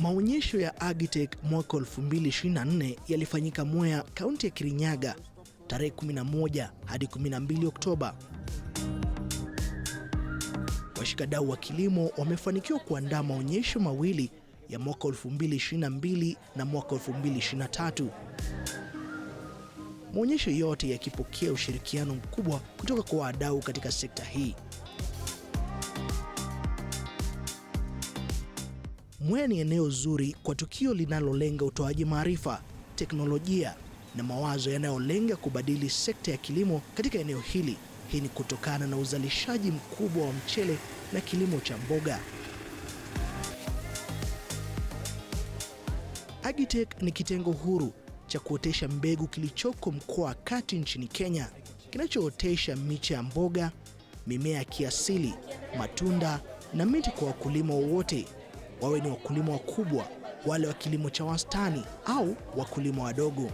Maonyesho ya Agitech mwaka 2024 yalifanyika Mwea, kaunti ya Kirinyaga tarehe 11 hadi 12 Oktoba. Washikadau wa kilimo wamefanikiwa kuandaa maonyesho mawili ya mwaka 2022 na mwaka 2023. Maonyesho yote yakipokea ushirikiano mkubwa kutoka kwa wadau katika sekta hii. Mwea ni eneo zuri kwa tukio linalolenga utoaji maarifa, teknolojia na mawazo yanayolenga kubadili sekta ya kilimo katika eneo hili. Hii ni kutokana na uzalishaji mkubwa wa mchele na kilimo cha mboga. Agitech ni kitengo huru cha kuotesha mbegu kilichoko mkoa wa Kati nchini Kenya, kinachootesha miche ya mboga, mimea ya kiasili, matunda na miti kwa wakulima wowote wawe ni wakulima wakubwa, wale wa kilimo cha wastani au wakulima wadogo.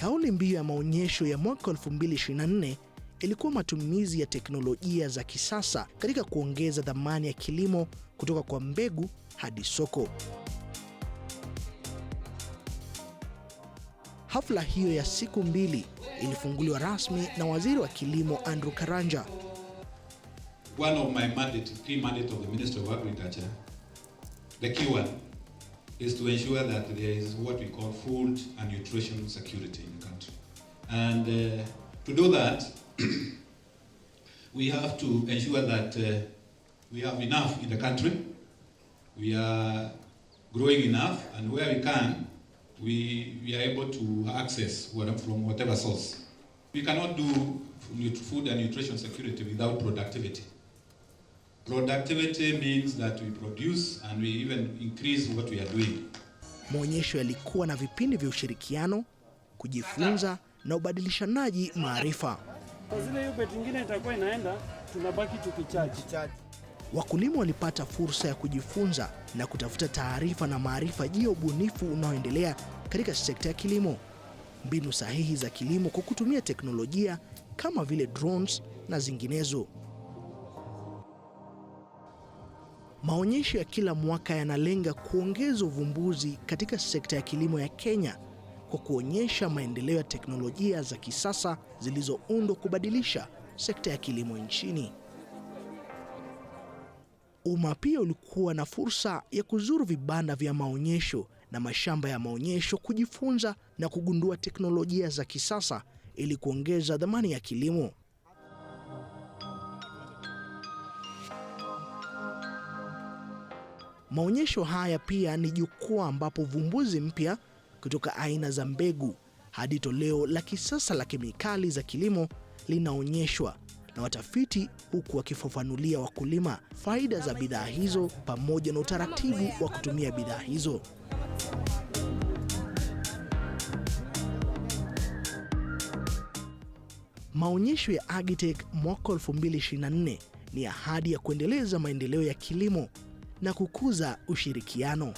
Kauli mbiu ya maonyesho ya mwaka 2024 ilikuwa matumizi ya teknolojia za kisasa katika kuongeza dhamani ya kilimo kutoka kwa mbegu hadi soko. Hafla hiyo ya siku mbili ilifunguliwa rasmi na Waziri wa Kilimo Andrew Karanja one of my mandate, key mandate of the Minister of Agriculture, the key one, is to ensure that there is what we call food and nutrition security in the country. And uh, to do that, we have to ensure that uh, we have enough in the country, we are growing enough, and where we can, we, we are able to access from whatever source. We cannot do food and nutrition security without productivity. Productivity means that we produce and we even increase what we are doing. Maonyesho yalikuwa na vipindi vya ushirikiano, kujifunza na ubadilishanaji maarifa. Kwa zile hiyo beti nyingine itakuwa inaenda, tunabaki tukichaji. Wakulima walipata fursa ya kujifunza na kutafuta taarifa na maarifa juu ya ubunifu unaoendelea katika sekta ya kilimo, mbinu sahihi za kilimo kwa kutumia teknolojia kama vile drones na zinginezo. Maonyesho ya kila mwaka yanalenga kuongeza uvumbuzi katika sekta ya kilimo ya Kenya kwa kuonyesha maendeleo ya teknolojia za kisasa zilizoundwa kubadilisha sekta ya kilimo nchini. Umma pia ulikuwa na fursa ya kuzuru vibanda vya maonyesho na mashamba ya maonyesho kujifunza na kugundua teknolojia za kisasa ili kuongeza dhamani ya kilimo. Maonyesho haya pia ni jukwaa ambapo vumbuzi mpya kutoka aina za mbegu hadi toleo la kisasa la kemikali za kilimo linaonyeshwa na watafiti, huku wakifafanulia wakulima faida za bidhaa hizo pamoja na utaratibu wa kutumia bidhaa hizo. Maonyesho ya Agritech mwaka 2024 ni ahadi ya kuendeleza maendeleo ya kilimo na kukuza ushirikiano.